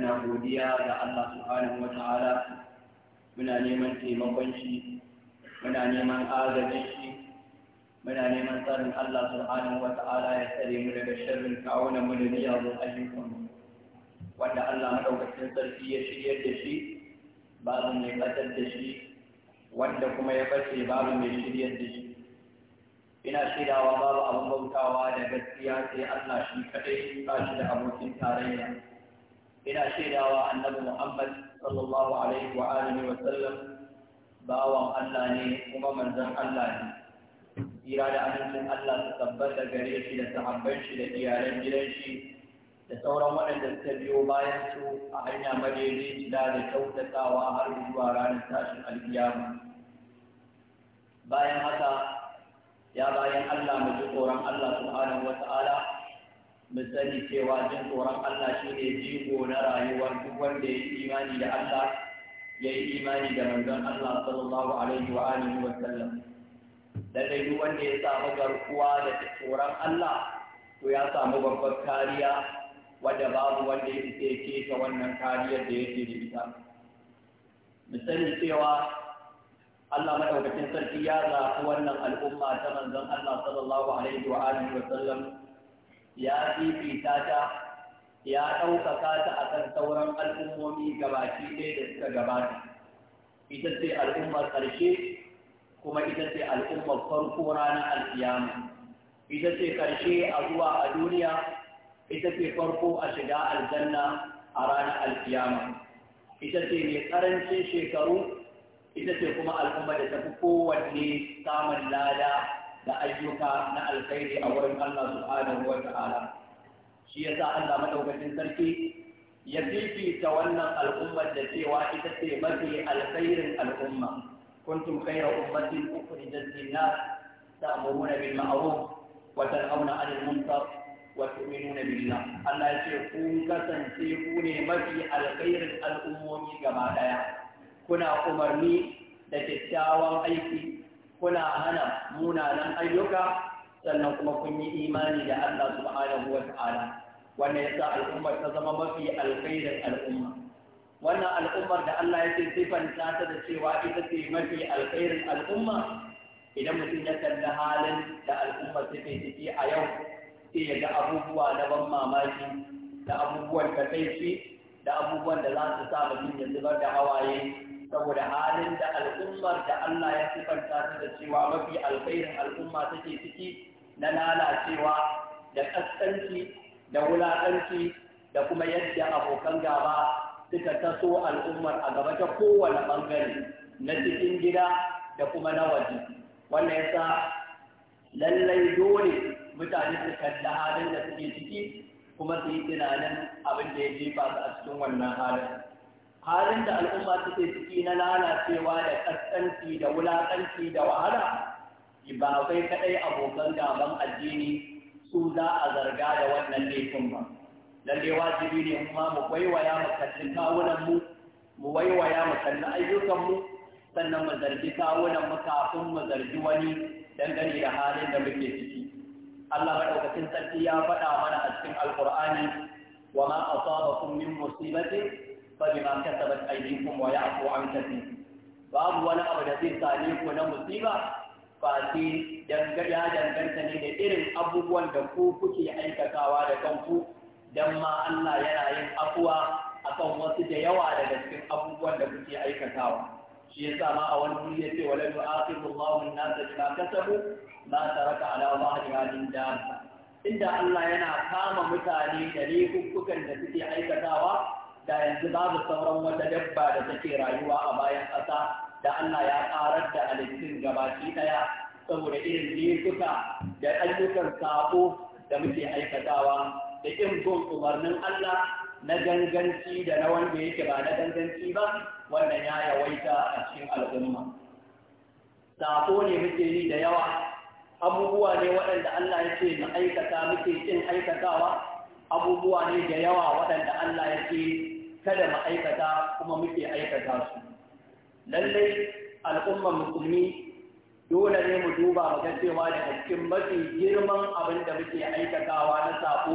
muna godiya da Allah subhanahu wa ta'ala muna neman taimakon shi muna neman agajin shi muna neman tsarin Allah subhanahu wa ta'ala ya tsare mu daga sharrin kawunan mu da miyagun ayyukan mu wanda Allah madaukakin sarki ya shiryar da shi babu mai batar da shi wanda kuma ya bace babu mai shiryar da shi ina shirawa babu abin bautawa da gaskiya sai Allah shi kadai ba shi da abokin tarayya ina shaidawa annabi Muhammad sallallahu alaihi wa alihi wa sallam bawan Allah ne kuma manzon Allah ne tsira da amincin Allah su tabbata gare shi da sahabban shi da iyalan gidan shi da sauran waɗanda suka biyo bayan su a hanya majeje da da kyautatawa har zuwa ranar tashin alkiyama bayan haka ya bayan Allah mu ji tsoron Allah subhanahu wa ta'ala mu sani cewa jin tsoron Allah shi ne jigo na rayuwar duk wanda ya yi imani da Allah ya yi imani da manzon Allah sallallahu alaihi wa alihi wa sallam lallai duk wanda ya samu garkuwa da tsoron Allah to ya samu babbar kariya wadda babu wanda ya ke keta wannan kariyar da yake da ita mu sani cewa Allah madaukakin sarki ya zafi wannan al'umma ta manzon Allah sallallahu alaihi wa alihi wa sallam ya fifita ta ya ɗaukaka ta a kan sauran al'ummomi gabaki ɗaya da suka gabata ita ce al'ummar ƙarshe kuma ita ce al'ummar farko ranar alfiyama. ita ce ƙarshe a zuwa a duniya ita ce farko a shiga aljanna a ranar alfiyama. ita ce mai ƙarancin shekaru ita ce kuma al'umma da tafi kowanne samun lada da ayyuka na alkhairi a wurin Allah subhanahu wa ta'ala shi yasa Allah madaukakin sarki ya fifita wannan al'ummar da cewa ita ce mafi alkhairin al'umma kuntum khayra ummatin ukhrijat lin-nas ta'muruna bil ma'ruf wa tanhauna 'anil munkar wa tu'minuna billah Allah ya ce kun kasance ku ne mafi alkhairin al'ummomi gaba daya kuna umarni da kyakkyawan aiki kuna hana munanan ayyuka sannan kuma kun yi imani da Allah subhanahu wa wannan yasa al'ummar ta zama mafi alkhairin al'umma wannan al'ummar da Allah yake sifanta ta da cewa ita ce mafi alkhairin al'umma idan mutum ya kalli halin da al'ummar suke ciki a yau sai ya ga abubuwa na ban mamaki da abubuwan takaici da abubuwan da za su sa mutum ya zubar da hawaye saboda halin da al'ummar da Allah ya sifanta ta da cewa mafi alkhairin al'umma take ciki na lalacewa da kaskanci da wulaƙanci da kuma yadda abokan gaba suka taso al'ummar a gaba ta kowane ɓangare na cikin gida da kuma na waje wannan yasa lallai dole mutane su kalli halin da suke ciki kuma su yi tunanin abin da ya jefa su a cikin wannan halin halin da al'umma suke ciki na lalacewa da ƙasƙanci da wulakanci da wahala ba kai kadai abokan gaban addini su za a zarga da wannan laifin ba lalle wajibi ne kuma mu waiwaya mu kalli kawunan mu mu waiwaya mu kalli ayyukan mu sannan mu zargi kawunan mu kafin mu zargi wani dangane da halin da muke ciki Allah madaukakin sarki ya faɗa mana a cikin alqur'ani wa ma asabakum min musibatin فبما كسبت أيديكم ويعفو عن كثير babu wani abu da zai same ko na musiba ba ya danganta ne da irin abubuwan da ku kuke aikatawa da kanku don ma Allah yana yin afuwa akan wasu da yawa daga cikin abubuwan da kuke aikatawa shi yasa ma a wani wuri yace wala yu'aqibu Allahu an-nasa bima kasabu ma taraka ala wahdiha min dabba inda Allah yana kama mutane da laifukan da suke aikatawa da yanzu babu sauran wata dabba da take rayuwa a bayan ƙasa da Allah ya ƙarar da halittun gabaki ɗaya saboda irin laifuka da ayyukan saƙo da muke aikatawa da in bin umarnin Allah na ganganci da na wanda yake ba na ganganci ba wannan ya yawaita a cikin al'umma. Tafo ne muke yi da yawa abubuwa ne waɗanda Allah ya ce mu aikata muke kin aikatawa abubuwa ne da yawa waɗanda Allah ya ce kada mu aikata kuma muke aikata su lallai al'ummar musulmi dole ne mu duba mu ga cewa daga cikin mafi girman abin da muke aikatawa na sako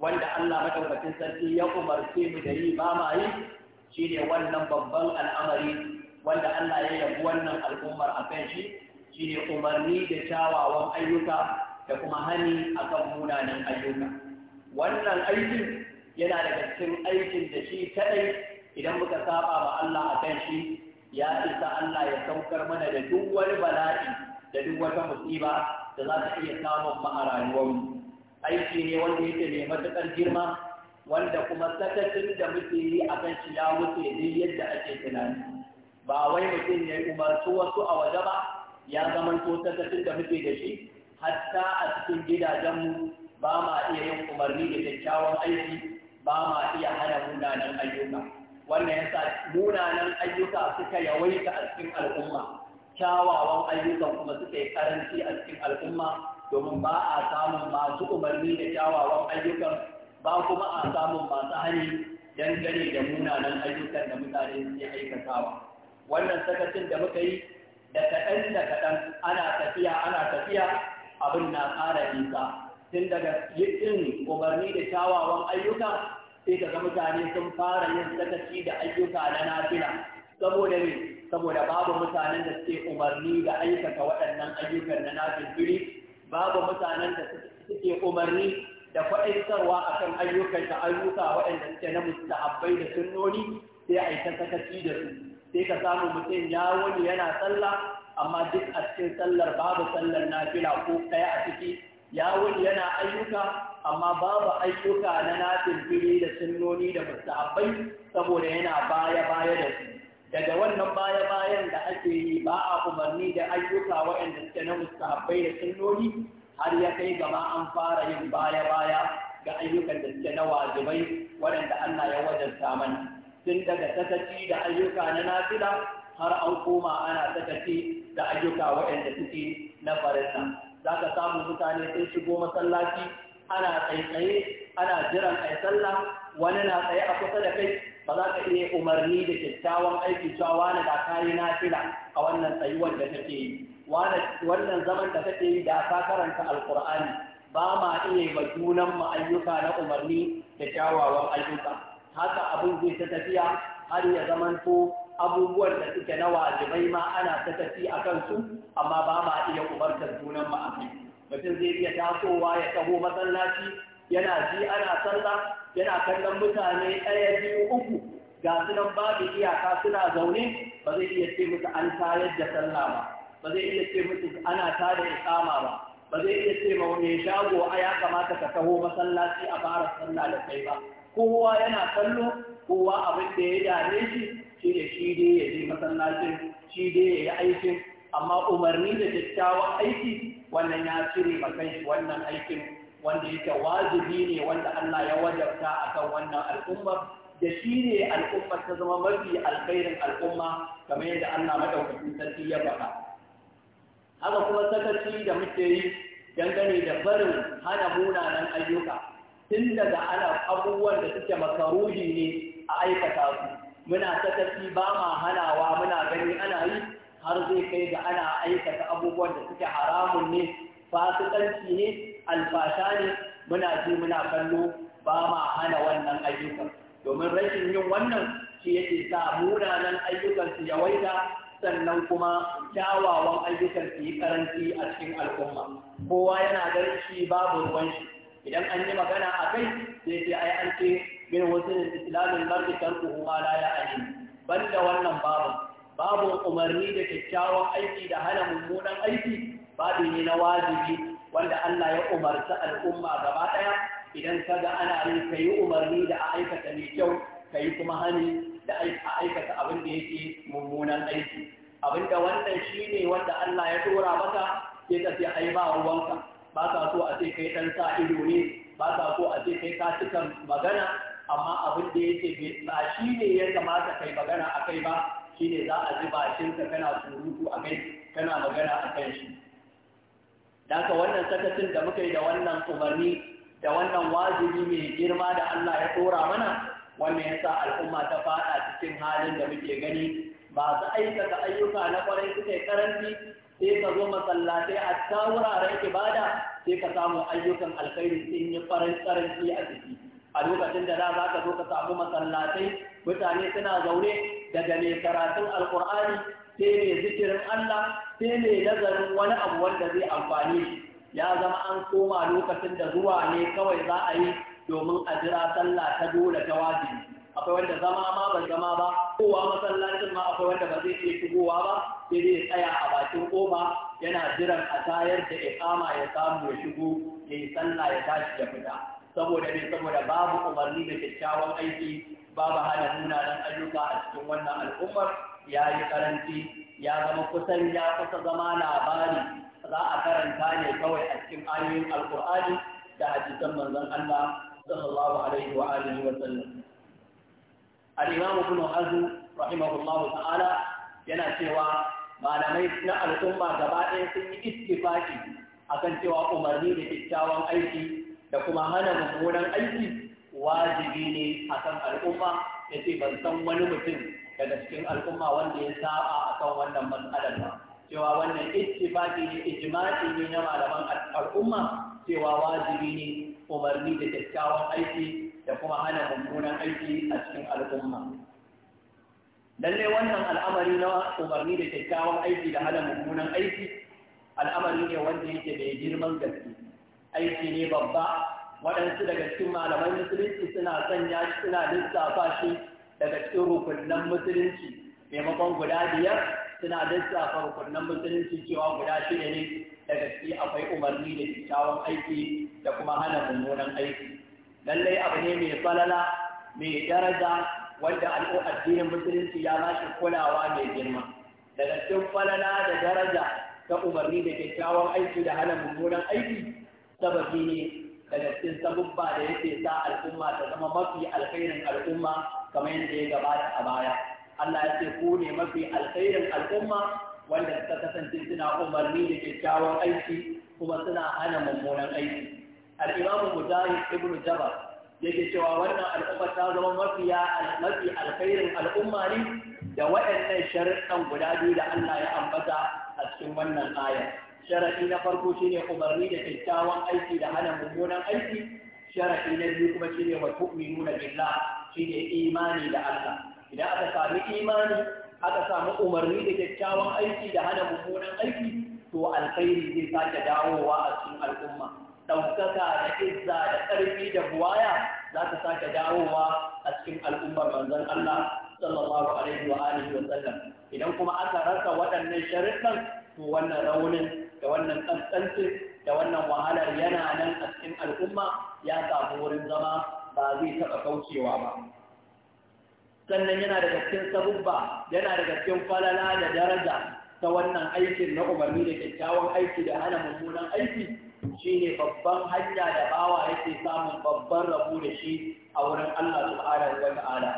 wanda Allah madaukakin sarki ya umarce mu da yi ba ma yi shine wannan babban al'amari wanda Allah ya yabi wannan al'ummar a kan shi shine umarni da kyawawan ayyuka da kuma hani akan munanan ayyuka wannan aikin yana daga cikin aikin da shi kaɗai idan muka saba wa Allah a kan shi ya isa Allah ya saukar mana da duk wani bala'i da duk wata musiba da za ta iya samun mu a rayuwarmu aiki ne wanda yake mai matuƙar girma wanda kuma sakacin da muke yi a kan shi ya wuce duk yadda ake tunani ba wai mutum ya umarci wasu a waje ba ya zamanto sakacin da muke da shi hatta a cikin gidajenmu ba ma iya yin umarni da kyakkyawan aiki ba ma iya hana munanan ayyuka wannan ya sa munanan ayyuka suka yawaita a cikin al'umma kyawawan ayyukan kuma suka yi karanci a cikin al'umma domin ba a samun masu umarni da kyawawan ayyukan ba kuma a samun masu hani dangane da munanan ayyukan da mutane suke aikatawa wannan sakacin da muka yi da kaɗan da kaɗan ana tafiya ana tafiya abin na ƙara nisa tun daga yin umarni da kyawawan ayyuka sai ka ga mutane sun fara yin sakaci da ayyuka na nafila saboda ne saboda babu mutanen da suke umarni da aikata waɗannan ayyukan na nafilfili babu mutanen da suke umarni da faɗaitarwa a kan ayyukan da ayyuka waɗanda suke na mustahabbai da sunnoni sai a yi ta sakaci da su sai ka samu mutum ya wani yana sallah amma duk a cikin sallar babu sallar nafila ko ɗaya a ciki ya wani ayyuka amma babu ayyuka na nafin fili da sunnoni da mustahabai saboda yana baya-baya da su daga wannan baya-bayan da ake yi ba a umarni da ayyuka waɗanda suke na mustahabbai da sunnoni har ya kai gama an fara yin baya-baya ga ayyukan da suke na wajibai waɗanda Allah ya wajabta mana tun daga sakaci da ayyuka na nafila har an koma ana sakaci da ayyuka waɗanda suke na farilla za ka samu mutane sun shigo masallaci ana tsaitsaye ana jiran ai sallah wani na tsaye a kusa da kai ba za ka iya umarni da kyakkyawan aiki cewa wani da kayi na fila a wannan tsayuwar da kake yi wannan zaman da kake yi da ka karanta alkur'ani ba ma iya ma junan mu ayyuka na umarni da kyawawan ayyuka haka abin zai ta tafiya har ya zamanto abubuwan da suke na wajibai ma ana ta tafi a kansu amma ba ma iya umartar junan ma'afi mutum zai iya tasowa ya taho masallaci yana ji ana sallah yana kallon mutane ɗaya biyu uku ga su nan babu iyaka suna zaune ba zai iya ce musu an tayar da sallah ba ba zai iya ce musu ana tada iqama ba ba zai iya ce ma mai shago a ya kamata ka taho masallaci a fara sallah da kai ba kowa yana kallo kowa abin da ya dame shi shi ne shi dai ya je masallacin shi dai ya yi aikin amma umarni da kyakkyawan aiki wannan ya cire makai wannan aikin wanda yake wajibi ne wanda Allah ya wajabta akan wannan al'ummar da shi ne al'ummar ta zama mafi alkhairin al'umma kamar yadda Allah madaukakin sarki ya faɗa haka kuma sakaci da muke yi dangane da barin hana munanan ayyuka tun daga ana abubuwan da suke makaruhi ne a aikata su muna sakaci ba ma hanawa muna gani ana yi har zai kai da ana aikata abubuwan da suke haramun ne fasikanci ne alfasha ne muna ji muna kallo ba ma hana wannan ayyukan domin rashin yin wannan shi yake sa munanan ayyukan su yawaita sannan kuma kyawawan ayyukan su yi karanci a cikin al'umma kowa yana ganin shi babu ruwan shi idan an yi magana a kai sai sai ai an ce min husnul islamin mar'i tarkuhu ma la ya'ni banda wannan babu babu umarni da kyakkyawan aiki da hana mummunan aiki babu ne na wajibi wanda Allah ya umarta al'umma gaba daya idan kaga ana yin kayi umarni da a aikata mai kyau kayi kuma hani da a aikata abin da yake mummunan aiki abinda wannan shine wanda Allah ya dora maka sai ka ce ai ba ruwanka ba ka so a ce kai dan sa ido ne ba ka so a ce kai ka cika magana amma abin da yake ba shi ne ya kamata kai magana a kai ba shi ne za a ji bakinka kana surutu a kai kana magana a kan shi daga wannan sakacin da muka yi da wannan umarni da wannan wajibi mai girma da Allah ya tsora mana wannan ya sa al'umma ta fada cikin halin da muke gani ba su aikata ayyuka na kwarai suke karanci sai ka zo masallatai a ta wuraren ibada sai ka samu ayyukan alkhairi sun yi farin karanci a ciki a lokacin da za ka zo ka samu masallatai mutane suna zaune daga mai karatun alkur'ani sai mai zikirin Allah sai mai nazarin wani abu wanda zai amfani ya zama an koma lokacin da zuwa ne kawai za a yi domin a jira sallah ta dole ta wajibi akwai wanda zama ma ban zama ba kowa masallacin ma akwai wanda ba zai iya shigowa ba sai zai tsaya a bakin koma yana jiran a tayar da ikama ya samu ya shigo ya yi sallah ya tashi ya fita saboda ne saboda babu umarni da kyakkyawan aiki babu hana munanan ayyuka a cikin wannan al'ummar ya yi karanci ya zama kusan ya kusa zama labari za a karanta ne kawai a cikin ayoyin alkur'ani da hadisan manzon Allah sallallahu alaihi wa alihi wa sallam al-imam ibn hazm rahimahullahu ta'ala yana cewa malamai na al'umma gaba ɗaya sun yi ittifaki akan cewa umarni da kyakkyawan aiki da kuma hana mummunan aiki wajibi ne a kan al'umma ya ce ban san wani mutum daga cikin al'umma wanda ya saba a kan wannan matsalar ba cewa wannan ittifaqi ne ijma'i ne na malaman al'umma cewa wajibi ne umarni da kyakkyawan aiki da kuma hana mummunan aiki a cikin al'umma lallai wannan al'amari na umarni da kyakkyawan aiki da hana mummunan aiki al'amari ne wanda yake mai girman gaske aiki ne babba waɗansu daga cikin malaman musulunci suna sanya shi suna lissafa shi daga cikin rukunan musulunci maimakon guda biyar suna lissafa rukunan musulunci cewa guda shida ne daga ciki akwai umarni da kyakkyawan aiki da kuma hana mummunan aiki lallai abu ne mai falala mai daraja wanda addinin musulunci ya bashi kulawa mai girma daga cikin falala da daraja ta umarni da kyakkyawan aiki da hana mummunan aiki sababi ne daga cikin sabubba da yake sa al'umma ta zama mafi alkhairin al'umma kamar yadda ya gabata a baya Allah ya ce ku ne mafi alkhairin al'umma wanda suka kasance suna umarni da kyakkyawan aiki kuma suna hana mummunan aiki al-imam mujahid ibn jabal yake cewa wannan al'umma ta zama mafiya mafi alkhairin al'umma ne da waɗannan sharuɗan guda biyu da Allah ya ambata a cikin wannan aya sharaɗi na farko shine umarni da kyakkyawan aiki da hana mummunan aiki sharaɗi na biyu kuma shine wa tu'minuna billah shine imani da Allah idan aka sami imani aka samu umarni da kyakkyawan aiki da hana mummunan aiki to alkhairi zai sake dawowa a cikin al'umma ɗaukaka da izza da ƙarfi da buwaya za ta sake dawowa a cikin al'ummar manzon Allah sallallahu alaihi wa alihi wa sallam idan kuma aka rasa waɗannan sharuɗan to wannan raunin da wannan tsantsanci da wannan wahalar yana nan a cikin al'umma ya samu wurin zama ba zai taɓa kaucewa ba sannan yana daga cikin sabubba yana daga cikin falala da daraja ta wannan aikin na umarni da kyakkyawan aiki da hana mummunan aiki shine babban hanya da bawa yake samun babban rabu da shi a wurin Allah subhanahu wa ta'ala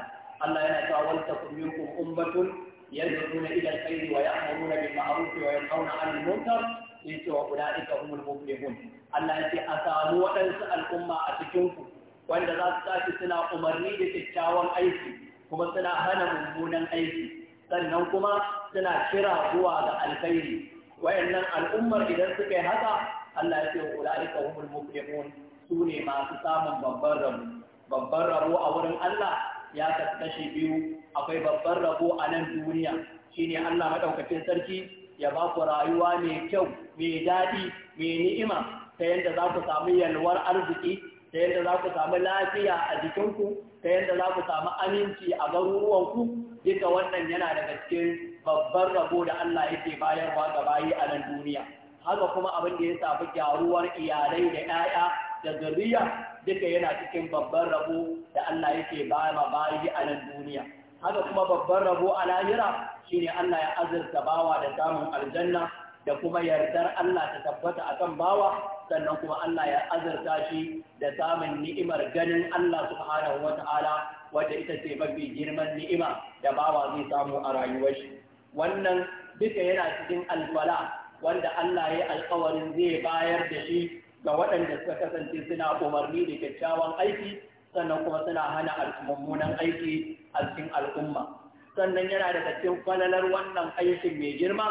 Allah yana cewa wal takum minkum ummatun yad'una ila al-khair wa ya'muruna bil ma'ruf wa yanhauna 'anil munkar Sai ce wa ula'ika humul muflihun Allah ya ce a samu waɗansu al'umma a cikin ku wanda za su tashi suna umarni da kyakkyawan aiki kuma suna hana mummunan aiki sannan kuma suna kira zuwa ga alkhairi wayannan al'ummar idan suka yi haka Allah ya ce wa ula'ika humul muflihun su ne masu samun babban rabo babban rabo a wurin Allah ya kasu biyu akwai babban rabo a nan duniya shine Allah madaukakin sarki ya ba ku rayuwa mai kyau mai daɗi mai ni'ima ta yadda za ku samu yalwar arziki ta yadda za ku samu lafiya a jikinku ta yadda za ku samu aminci a garuruwanku duka wannan yana daga cikin babbar rabo da Allah yake bayarwa ga bayi a nan duniya haka kuma abin da ya safi gyaruwar iyalai da 'ya'ya da zuriya duka yana cikin babbar rabo da Allah yake ba bayi a nan duniya haka kuma babbar rabo a lahira shine Allah ya azurta bawa da samun aljanna da kuma yardar Allah ta tabbata akan bawa sannan kuma Allah ya azurta shi da samun ni'imar ganin Allah subhanahu wata'ala wadda ita ce mafi girman ni'ima da bawa zai samu a rayuwar shi wannan duka yana cikin alfala wanda Allah ya alkawarin zai bayar da shi ga waɗanda suka kasance suna umarni da kyakkyawan aiki sannan kuma suna hana mummunan aiki a cikin al'umma sannan yana daga cikin falalar wannan aikin mai girma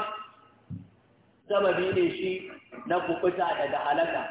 sababi ne shi na kukuta daga halaka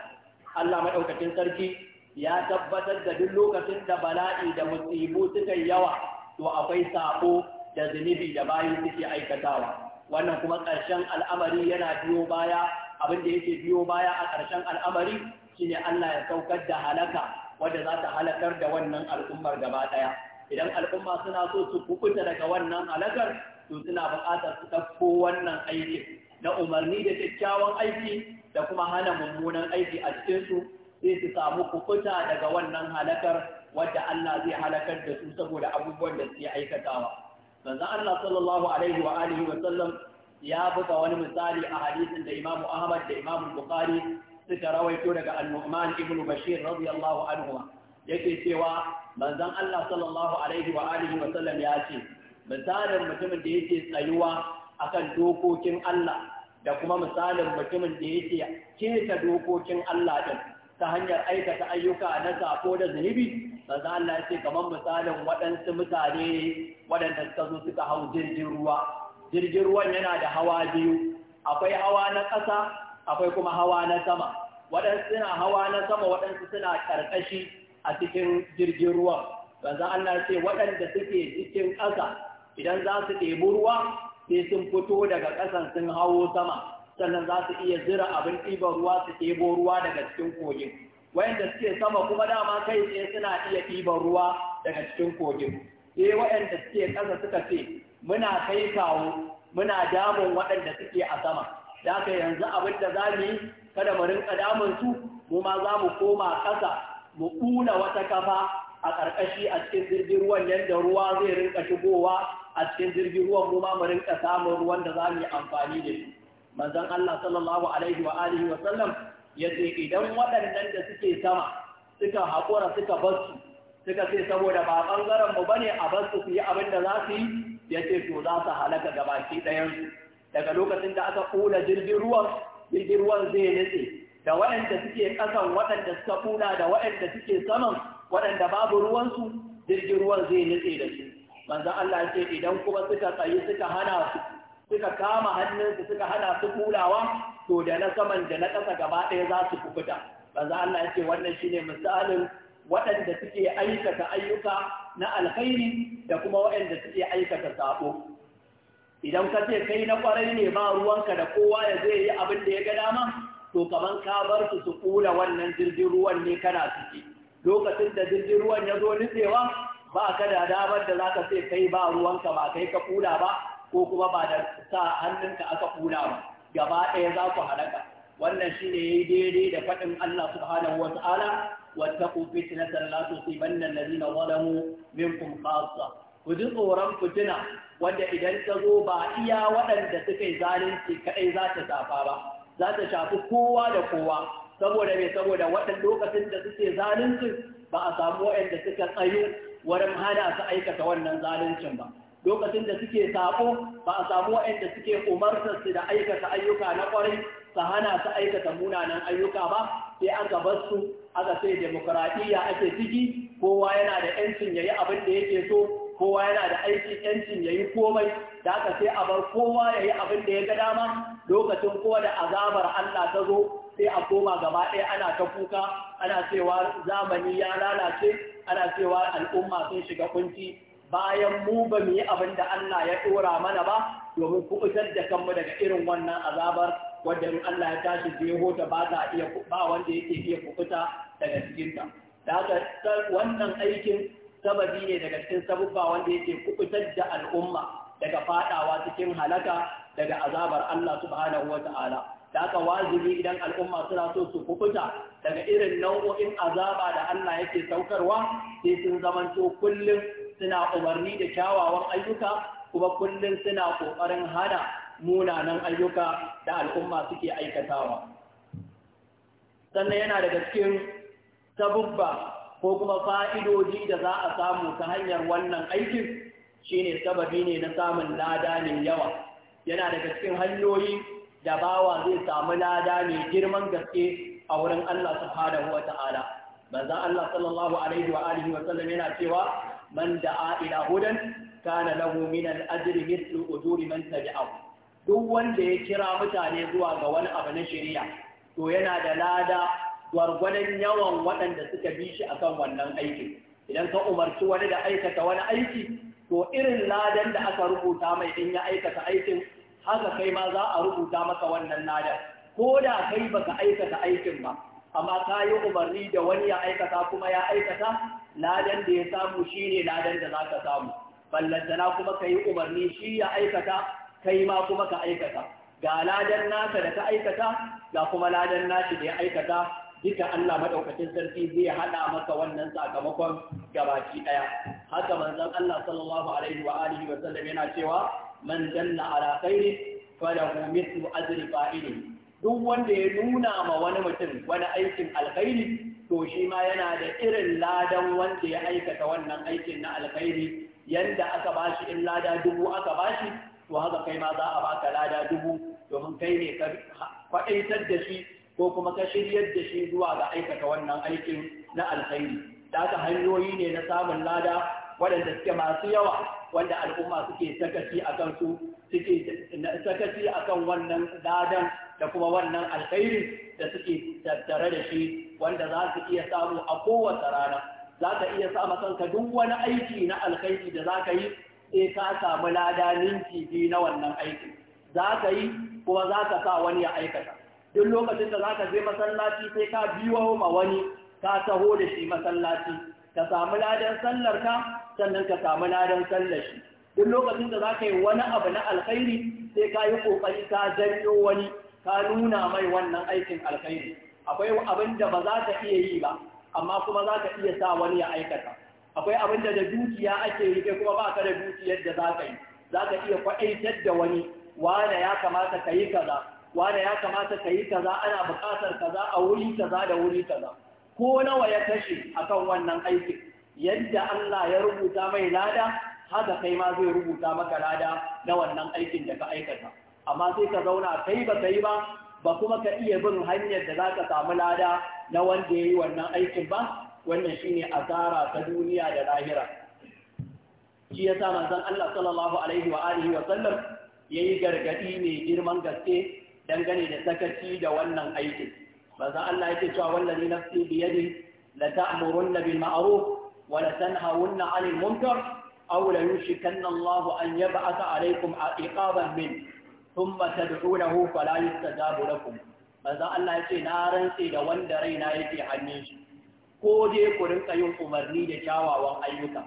Allah maɗaukacin sarki ya tabbatar da duk lokacin da bala'i da musibu suka yawa to akwai sabo da zunubi da bayi suke aikatawa wannan kuma ƙarshen al'amari yana biyo baya abin da yake biyo baya a ƙarshen al'amari shine Allah ya saukar da halaka wadda za ta halakar da wannan al'ummar gaba ɗaya idan al'umma suna so su kubuta daga wannan halakar to suna buƙatar su ɗauko wannan aiki na umarni da kyakkyawan aiki da kuma hana mummunan aiki a cikinsu sai su samu kubuta daga wannan halakar wadda Allah zai halakar da su saboda abubuwan da suke aikatawa. Manzon Allah sallallahu alaihi wa alihi wa sallam ya buga wani misali a hadisin da Imam Ahmad da Imam Bukhari suka rawaito daga Al-Nu'man ibn Bashir radiyallahu anhu yake cewa manzon Allah sallallahu alaihi wa alihi wa sallam ya ce misalin mutumin da yake tsayuwa akan dokokin Allah da kuma misalin mutumin da yake keta dokokin Allah din ta hanyar aikata ayyuka na sako da zunubi manzon Allah ya ce kamar misalin waɗansu mutane waɗanda suka zo suka hau jirgin ruwa jirgin ruwan yana da hawa biyu akwai hawa na ƙasa akwai kuma hawa na sama waɗansu suna hawa na sama waɗansu suna ƙarƙashi a cikin jirgin ruwa banza Allah ce waɗanda suke cikin ƙasa idan za su ɗebi ruwa sai sun fito daga ƙasan sun hawo sama sannan za su iya zira abin ɗiban ruwa su ɗebo ruwa daga cikin kogin wayanda suke sama kuma dama kai tsaye suna iya ɗiban ruwa daga cikin kogin sai eh, waɗanda suke ƙasa suka ce muna kai kawo muna damun waɗanda suke a sama Daka yanzu abin da za mu yi kada mu rinka damun su mu ma za mu koma ƙasa mu ɗuna wata kafa a ƙarƙashi a cikin jirgin ruwan yadda ruwa zai rinka shigowa a cikin jirgin ruwan mu mu rinka samun ruwan da za mu yi amfani da shi manzon Allah sallallahu alaihi wa alihi wa sallam ya ce idan waɗannan da suke sama suka haƙura suka basu suka ce saboda ba ɓangaren mu ba ne a basu su yi abin da za su yi ya ce to za su halaka gabaki ɗayan daga lokacin da aka ƙula jirgin ruwan jirgin ruwan zai nutse da waɗanda suke ƙasan waɗanda suka ƙuna da waɗanda suke saman waɗanda babu ruwansu jirgin ruwan zai nutse da su manzan Allah ce idan kuma suka tsayi suka hana su suka kama hannunsu suka hana su kulawa to da na saman da na ƙasa gaba ɗaya za su fita manzan Allah ce wannan shi ne misalin waɗanda suke aikata ayyuka na alkhairi da kuma waɗanda suke aikata sabo idan ka ce kai na kwarai ne ba ruwanka da kowa ya zai yi abin da ya ga dama to kaman ka bar su su kula wannan jirgin ruwan ne kana ciki lokacin da jirgin ruwan ya zo nutsewa ba ka da damar da za ka ce kai ba ruwanka ba kai ka kula ba ko kuma ba da sa hannunka aka kula ba gaba ɗaya za ku halaka wannan shi ne yayi daidai da faɗin Allah subhanahu wa ta'ala wattaqu fitnatan la tusibanna alladhina zalamu minkum khassa ku ji tsoron fitina wanda idan ta zo ba iya waɗanda suka yi zalunci kaɗai za ta safa ba za ta shafi kowa da kowa saboda mai saboda waɗanda lokacin da suke zalunci ba a samu waɗanda suka tsayo wurin hana su aikata wannan zaluncin ba lokacin da suke sako ba a samu waɗanda suke umartar su da aikata ayyuka na ƙwarai su hana su aikata munanan ayyuka ba sai aka bar su aka sai demokuraɗiyya ake ciki kowa yana da 'yancin ya yi abin da yake so kowa yana da aiki yancin ya yi komai da aka sai a bar kowa ya yi abin da ya ga dama lokacin kowa da azabar Allah ta zo sai a koma gaba ɗaya ana ta kuka ana cewa zamani ya lalace ana cewa al'umma sun shiga kunci bayan mu ba mu yi abin da Allah ya ɗora mana ba domin kuɓutar da kanmu daga irin wannan azabar wanda in Allah ya tashi jeho ta ba za iya ba wanda yake iya kufuta daga cikinta. Da haka wannan aikin sababi ne daga cikin sabubba wanda yake kubutar da al'umma daga fadawa cikin halaka daga azabar Allah subhanahu wa ta'ala da aka wajibi idan al'umma suna so su kubuta daga irin nau'o'in azaba da Allah yake saukarwa sai sun zamanto kullum suna umarni da kyawawan ayyuka kuma kullum suna kokarin hana munanan ayyuka da al'umma suke aikatawa sannan yana daga cikin sabubba ko kuma fa'idoji da za a samu ta hanyar wannan aikin shine sababi ne na samun lada mai yawa yana daga cikin hanyoyi da bawa zai samu lada mai girman gaske a wurin Allah subhanahu wa ta'ala manzon Allah sallallahu alaihi wa alihi wa sallam yana cewa man da'a ila hudan na lahu min al-ajri ujuri man tabi'ahu duk wanda ya kira mutane zuwa ga wani abu na shari'a to yana da lada gwargwadon yawan waɗanda suka bi shi akan wannan aikin idan ka umarci wani da aikata wani aiki to irin ladan da aka rubuta mai in ya aikata aikin haka kai ma za a rubuta maka wannan ladan ko da kai baka aikata aikin ba amma ka yi umarni da wani ya aikata kuma ya aikata ladan da ya samu shine ladan da za ka samu ballantana kuma ka yi umarni shi ya aikata kai ma kuma ka aikata ga ladan naka da ka aikata ga kuma ladan nashi da ya aikata duka Allah madaukakin sarki zai hada maka wannan sakamakon gabaki daya haka manzon Allah sallallahu alaihi wa alihi wa sallam yana cewa man danna ala khairi falahu mithlu ajri fa'ili duk wanda ya nuna ma wani mutum wani aikin alkhairi to shi ma yana da irin ladan wanda ya aikata wannan aikin na alkhairi yanda aka bashi in lada dubu aka bashi to haka kai ma za a baka lada dubu domin kai ne ka da shi ko kuma ka shiryar da shi zuwa ga aikata wannan aikin na alkhairi da haka hanyoyi ne na samun lada waɗanda suke masu yawa wanda al'umma suke sakaci a kansu suke sakaci a kan wannan ladan da kuma wannan alkhairi da suke tattare da shi wanda za su iya samu a kowace rana za ka iya sama kanka duk wani aiki na alkhairi da za ka yi sai ka samu lada ninki na wannan aikin za ka yi kuma za ka sa wani ya aikata duk lokacin da za ka je masallaci sai ka biyo ma wani ka taho da shi masallaci ka samu ladan sallar ka sannan ka samu ladan sallar shi duk lokacin da za ka yi wani abu na alkhairi sai ka yi kokari ka janyo wani ka nuna mai wannan aikin alkhairi akwai abin da ba za ka iya yi ba amma kuma za ka iya sa wani ya aikata akwai abin da da dukiya ake yi kai kuma ba ka da dukiyar da za ka yi za ka iya kwaɗaitar da wani wane ya kamata ka yi kaza wanda ya kamata ka yi kaza ana buƙatar kaza a wuri kaza da wuri kaza ko nawa ya kashe akan wannan aikin yadda Allah ya rubuta mai lada haka kai ma zai rubuta maka lada na wannan aikin da ka aikata amma sai ka zauna kai ba kai ba ba kuma ka iya bin hanyar da za ka samu lada na wanda ya yi wannan aikin ba wannan shine asara ta duniya da lahira shi ya sa manzon Allah sallallahu alaihi wa alihi wa sallam yayi gargadi mai girman gaske dangane da sakaci da wannan aikin bazan Allah yake cewa wallahi nafsi bi yadi la ta'murunna bil ma'ruf wa la tanhawunna 'anil munkar aw la yushikanna Allah an yab'atha 'alaykum iqaban min thumma tad'unahu fala yustajabu lakum bazan Allah yake na rantsi da wanda raina yake hannun shi ko dai ku rinka yin umarni da kyawawan ayyuka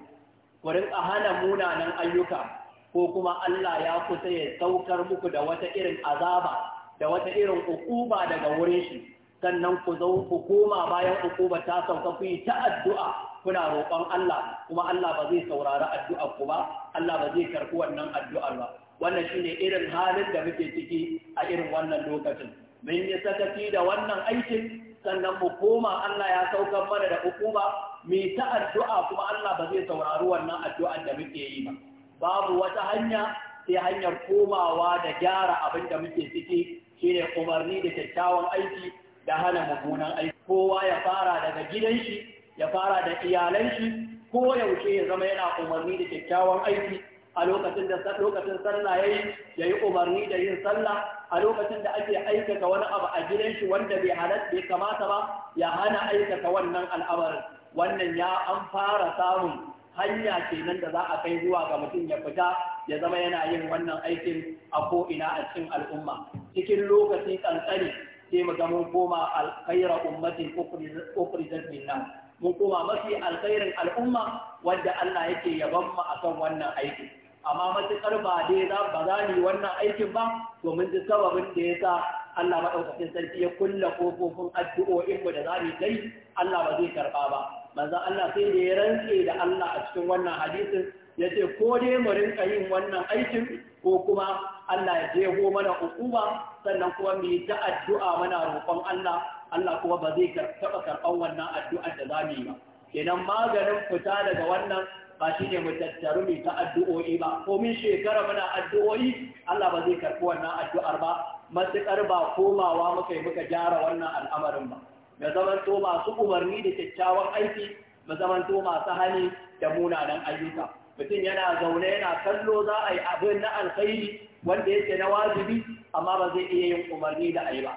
ku rinka hana munanan ayyuka ko kuma Allah ya kusa ya saukar muku da wata irin azaba da wata irin hukuma daga wurin shi sannan ku zo ku koma bayan hukuma ta sauka ku yi ta addu'a kuna roƙon Allah kuma Allah ba zai saurari addu'ar ku ba Allah ba zai karɓi wannan addu'ar ba wannan shine irin halin da muke ciki a irin wannan lokacin mun yi sakaci da wannan aikin sannan mu koma Allah ya saukar mana da hukuma mu yi ta addu'a kuma Allah ba zai saurari wannan addu'ar da muke yi ba babu wata hanya sai hanyar komawa da gyara abin da muke ciki shine umarni da kyakkyawan aiki da hana mummunan aiki kowa ya fara daga gidan shi ya fara da iyalan shi ko yaushe ya zama yana umarni da kyakkyawan aiki a lokacin da lokacin sallah yayi yayi umarni da yin sallah a lokacin da ake aikata wani abu a gidan shi wanda bai halatta bai kamata ba ya hana aikata wannan al'amarin wannan ya an fara samun hanya kenan da za a kai zuwa ga mutum ya fita ya zama yana yin wannan aikin a ko'ina a cikin al'umma cikin lokaci tsantsani sai mu ga mun koma alkhaira ummatin ukhrijat minna mun koma mafi alkhairin al'umma wanda Allah yake yaban mu akan wannan aikin amma matukar ba dai za ba za ni wannan aikin ba to mun ji sababin da sa Allah madaukakin sarki ya kulla kofofin addu'o'in mu da za mu kai Allah ba zai karba ba manzo Allah sai da ya rantse da Allah a cikin wannan hadisin ya ce ko dai mu rinka yin wannan aikin ko kuma Allah ya jeho mana hukuma sannan kuma mu yi ta addu'a mana roƙon Allah Allah kuma ba zai taɓa karɓar wannan addu'ar da za mu yi ba kenan maganin fita daga wannan ba shi ne mu tattaru mu ta addu'o'i ba ko min shekara muna addu'o'i Allah ba zai karɓi wannan addu'ar ba matuƙar ba komawa muka yi muka gyara wannan al'amarin ba ya zama to masu umarni da kyakkyawan aiki mu zaman masu hani da munanan ayyuka mutum yana zaune yana kallo za a yi abin na alkhairi wanda yake na wajibi amma ba zai iya yin umarni da ayi ba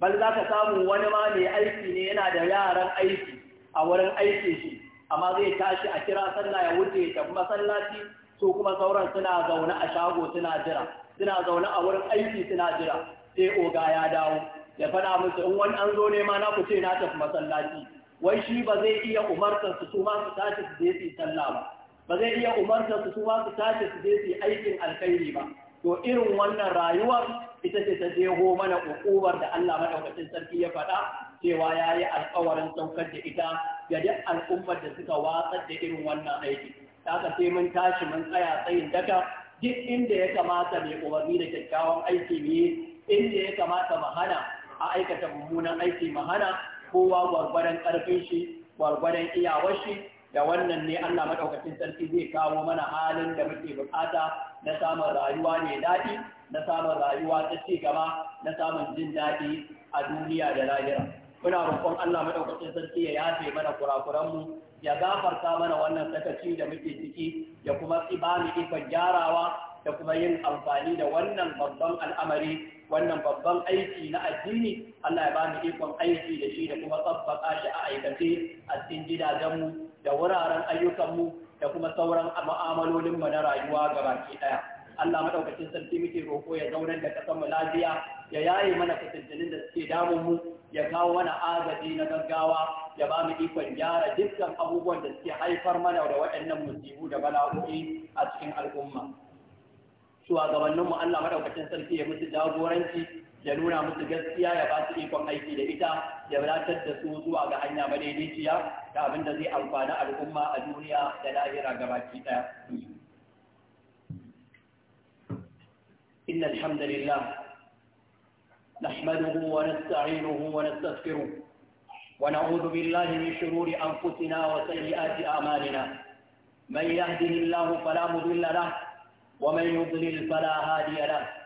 bal za ka samu wani ma mai aiki ne yana da yaran aiki a wurin aikin shi amma zai tashi a kira sallah ya wuce tafi masallaci So kuma sauran suna zaune a shago suna jira suna zaune a wurin aiki suna jira sai oga ya dawo ya faɗa musu in wani an zo ma na ku ce na tafi masallaci wai shi ba zai iya umartar su su ma su tashi su je su yi sallah ba ba zai iya umarta su kuma su tashe su je su yi aikin alkhairi ba to irin wannan rayuwar ita ce ta jeho mana ukubar da Allah madaukakin sarki ya faɗa cewa ya yi alkawarin saukar da ita ga duk al'ummar da suka watsar da irin wannan aiki da ka sai mun tashi mun tsaya tsayin daka duk inda ya kamata mai umarni da kyakkyawan aiki ne inda ya kamata mu hana a aikata mummunan aiki mu hana kowa gwargwaron ƙarfin shi gwargwaron iyawar shi da wannan ne Allah maɗaukacin sarki zai kawo mana halin da muke bukata na samun rayuwa ne daɗi na samun rayuwa ta ci gaba na samun jin daɗi a duniya da lahira muna roƙon Allah maɗaukacin sarki ya yafe mana kurakuranmu ya gafarta mana wannan sakaci da muke ciki ya kuma ba mu ikon gyarawa da kuma yin amfani da wannan babban al'amari wannan babban aiki na addini Allah ya ba mu ikon aiki da shi da kuma tsabbaka shi a aikace a cikin gidajenmu da wuraren ayyukanmu da kuma sauran ma'amalolinmu na rayuwa gabaki ɗaya. Allah madaukakin sarki muke roƙo ya zaunar da ƙasar mu lafiya ya yaye mana fitintinin da suke damun mu ya kawo mana agaji na gaggawa ya ba mu ikon gyara dukkan abubuwan da suke haifar mana da waɗannan musibu da bala'o'i a cikin al'umma. Shugabanninmu Allah madaukakin sarki ya musu jagoranci ya nuna musu gaskiya ya ba su ikon aiki da ita ya wadatar da su zuwa ga hanya madaidaiciya da abin da zai amfani al'umma a duniya da lahira gabaki ɗaya. إن الحمد لله نحمده ونستعينه ونستغفره ونعوذ بالله من شرور أنفسنا وسيئات أعمالنا من يهده الله فلا مضل له ومن يضلل فلا هادي له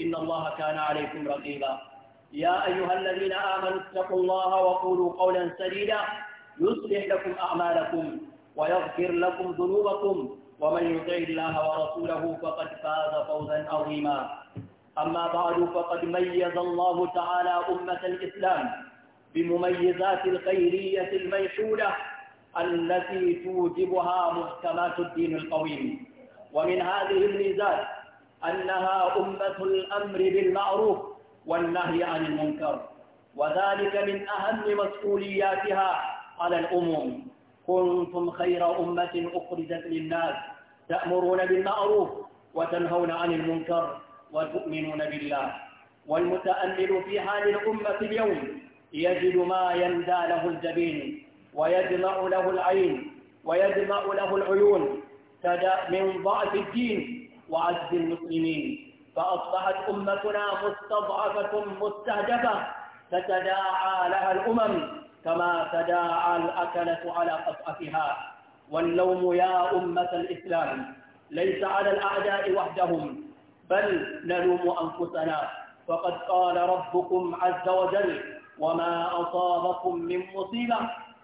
إن الله كان عليكم رقيبا يا أيها الذين آمنوا اتقوا الله وقولوا قولا سديدا يصلح لكم أعمالكم ويغفر لكم ذنوبكم ومن يطع الله ورسوله فقد فاز فوزا عظيما أما بعد فقد ميز الله تعالى أمة الإسلام بمميزات الخيرية الميحولة التي توجبها محكمات الدين القويم ومن هذه الميزات أنها أمة الأمر بالمعروف والنهي عن المنكر وذلك من أهم مسؤولياتها على الأمم كنتم خير أمة أخرجت للناس تأمرون بالمعروف وتنهون عن المنكر وتؤمنون بالله والمتأمل في حال الأمة اليوم يجد ما يندى له الجبين ويجمع له العين ويجمع له العيون من ضعف الدين وعز المسلمين فأصبحت أمتنا مستضعفة مستهدفة تتداعى لها الأمم كما تداعى الأكلة على قطعتها واللوم يا أمة الإسلام ليس على الأعداء وحدهم بل نلوم أنفسنا فقد قال ربكم عز وجل وما أصابكم من مصيبة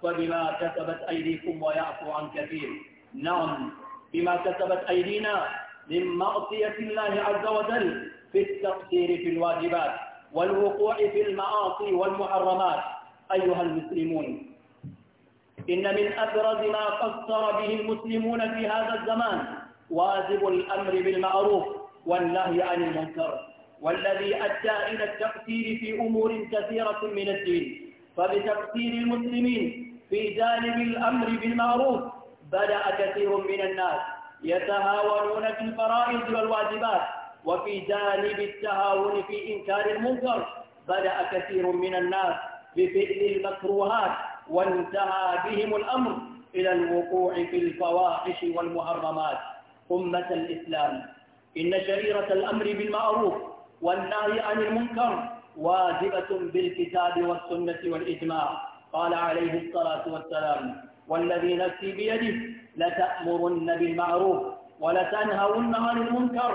فبما كسبت أيديكم ويعفو عن كثير نعم بما كسبت أيدينا من معصية الله عز وجل في التقصير في الواجبات والوقوع في المعاصي والمحرمات أيها المسلمون إن من أبرز ما قصر به المسلمون في هذا الزمان واجب الأمر بالمعروف والنهي عن المنكر والذي أدى إلى التقصير في أمور كثيرة من الدين فبتقصير المسلمين في جانب الأمر بالمعروف بدأ كثير من الناس يتهاونون في الفرائض والواجبات وفي جانب التهاون في إنكار المنكر بدأ كثير من الناس بفعل المكروهات وانتهى بهم الأمر إلى الوقوع في الفواحش والمحرمات أمة الإسلام إن شريرة الأمر بالمعروف والنهي عن المنكر واجبة بالكتاب والسنة والإجماع قال عليه الصلاة والسلام والذي نفسي بيده لتأمرن بالمعروف ولتنهون عن المنكر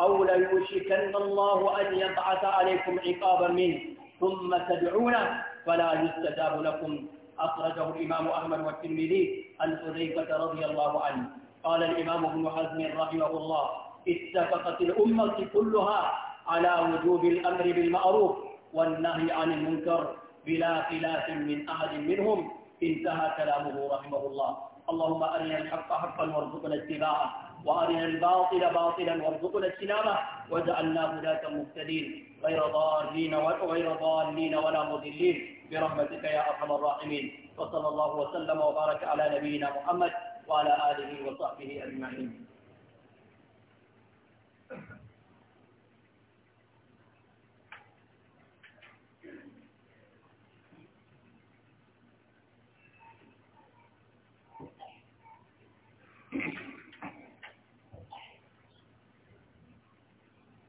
أو ليوشكن الله أن يبعث عليكم عقابا منه ثم تدعونه فلا يستجاب لكم أخرجه الإمام أحمد والترمذي عن حذيفة رضي الله عنه قال الإمام ابن حزم رحمه الله اتفقت الأمة كلها على وجوب الأمر بالمعروف والنهي عن المنكر بلا خلاف من أحد منهم انتهى كلامه رحمه الله اللهم أرنا الحق حقا وارزقنا اتباعه وأرنا الباطل باطلا وارزقنا اجتنابه واجعلنا هداة مهتدين غير ضالين وغير ضالين ولا مضلين برحمتك يا أرحم الراحمين وصلى الله وسلم وبارك على نبينا محمد وعلى آله وصحبه أجمعين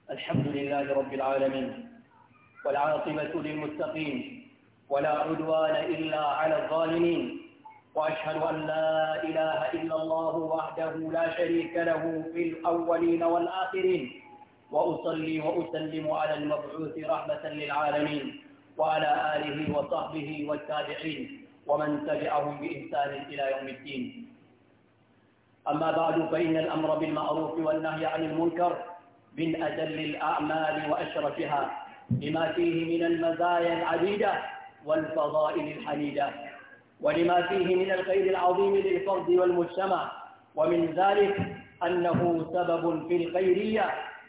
الحمد لله رب العالمين والعاقبة للمتقين ولا عدوان إلا على الظالمين وأشهد أن لا إله إلا الله وحده لا شريك له في الأولين والآخرين وأصلي وأسلم على المبعوث رحمة للعالمين وعلى آله وصحبه والتابعين ومن تبعهم بإحسان إلى يوم الدين أما بعد فإن الأمر بالمعروف والنهي عن المنكر من أجل الأعمال وأشرفها لما فيه من المزايا العديدة والفضائل الحميدة ولما فيه من الخير العظيم للفرد والمجتمع ومن ذلك أنه سبب في الخيرية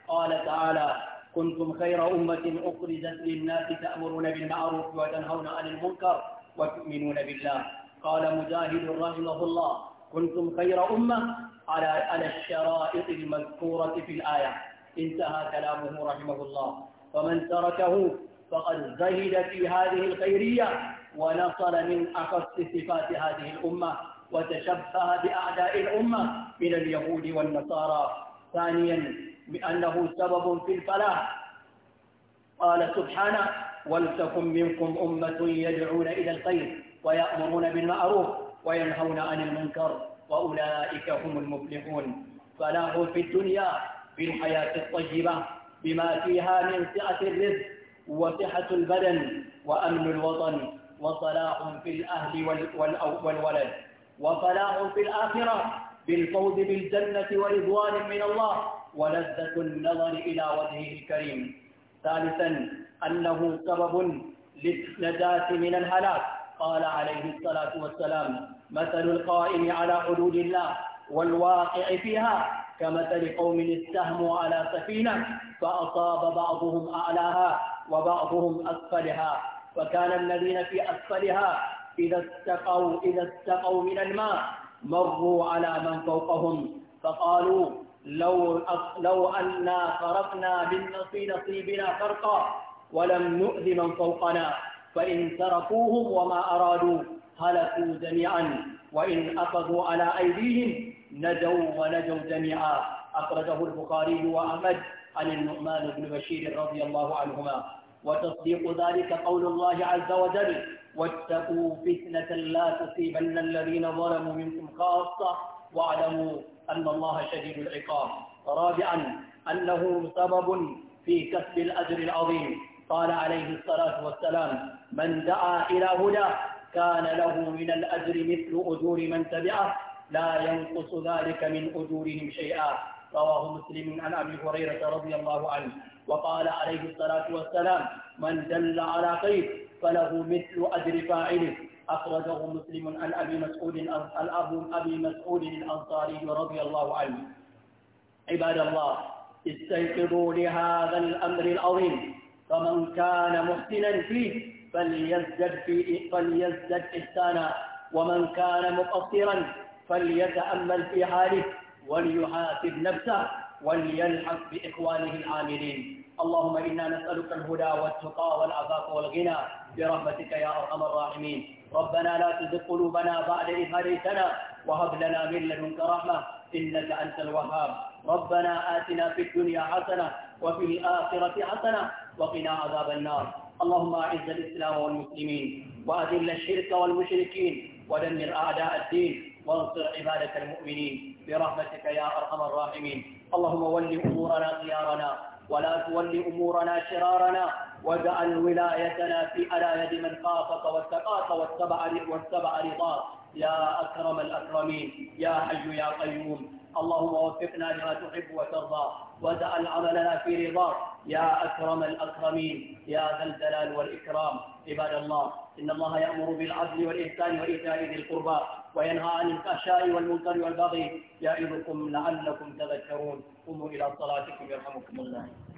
قال تعالى كنتم خير أمة أخرجت للناس تأمرون بالمعروف وتنهون عن المنكر وتؤمنون بالله قال مجاهد رحمه الله كنتم خير أمة على على الشرائط المذكورة في الآية انتهى كلامه رحمه الله فمن تركه فقد زهد في هذه الخيرية ونصل من أخص صفات هذه الأمة وتشبه بأعداء الأمة من اليهود والنصارى ثانيا بأنه سبب في الفلاح قال سبحانه ولتكن منكم أمة يدعون إلى الخير ويأمرون بالمعروف وينهون عن المنكر وأولئك هم المفلحون فله في الدنيا بالحياة الطيبة بما فيها من سعة الرزق وصحة البدن وأمن الوطن وصلاح في الأهل والولد وفلاح في الآخرة بالفوز بالجنة ورضوان من الله ولذة النظر إلى وجهه الكريم ثالثا أنه سبب للنجاة من الهلاك قال عليه الصلاة والسلام مثل القائم على حدود الله والواقع فيها كمثل قوم استهموا على سفينة فأصاب بعضهم أعلاها وبعضهم أسفلها وكان الذين في أسفلها إذا استقوا إذا استقوا من الماء مروا على من فوقهم فقالوا لو لو أنا خرقنا بالنصي نصيبنا خرقا ولم نؤذ من فوقنا فإن تركوهم وما أرادوا هلكوا جميعا وإن أخذوا على أيديهم نجوا ونجوا جميعا أخرجه البخاري وأحمد عن النعمان بن بشير رضي الله عنهما وتصديق ذلك قول الله عز وجل واتقوا فتنة لا تصيبن الذين ظلموا منكم خاصة واعلموا أن الله شديد العقاب رابعا أنه سبب في كسب الأجر العظيم قال عليه الصلاة والسلام من دعا إلى هدى كان له من الأجر مثل أجور من تبعه لا ينقص ذلك من أجورهم شيئا رواه مسلم عن أبي هريرة رضي الله عنه وقال عليه الصلاة والسلام من دل على خير فله مثل أجر فاعله أخرجه مسلم عن أبي مسعود الأب أبي مسعود الأنصاري رضي الله عنه عباد الله استيقظوا لهذا الأمر العظيم فمن كان محسنا فيه فليزدد في فليزدد إحسانا ومن كان مقصرا فليتأمل في حاله وليحاسب نفسه وليلحق بإخوانه العاملين اللهم إنا نسألك الهدى والتقى والعفاف والغنى برحمتك يا أرحم الراحمين ربنا لا تزغ قلوبنا بعد إذ هديتنا وهب لنا من لدنك رحمة إنك أنت الوهاب ربنا آتنا في الدنيا حسنة وفي الآخرة حسنة وقنا عذاب النار اللهم أعز الإسلام والمسلمين وأذل الشرك والمشركين ودمر أعداء الدين وانصر عبادك المؤمنين برحمتك يا أرحم الراحمين اللهم ول أمورنا خيارنا ولا تول أمورنا شرارنا واجعل ولايتنا في على يد من خافك واتقاك واتبع واتبع رضاك يا أكرم الأكرمين يا حي يا قيوم اللهم وفقنا لما تحب وترضى واجعل عملنا في رضاك يا أكرم الأكرمين يا ذا الجلال والإكرام عباد الله إن الله يأمر بالعدل والإحسان وإيتاء ذي القربى وينهى عن الفحشاء والمنكر والبغي يعظكم لعلكم تذكرون قوموا إلى صلاتكم يرحمكم الله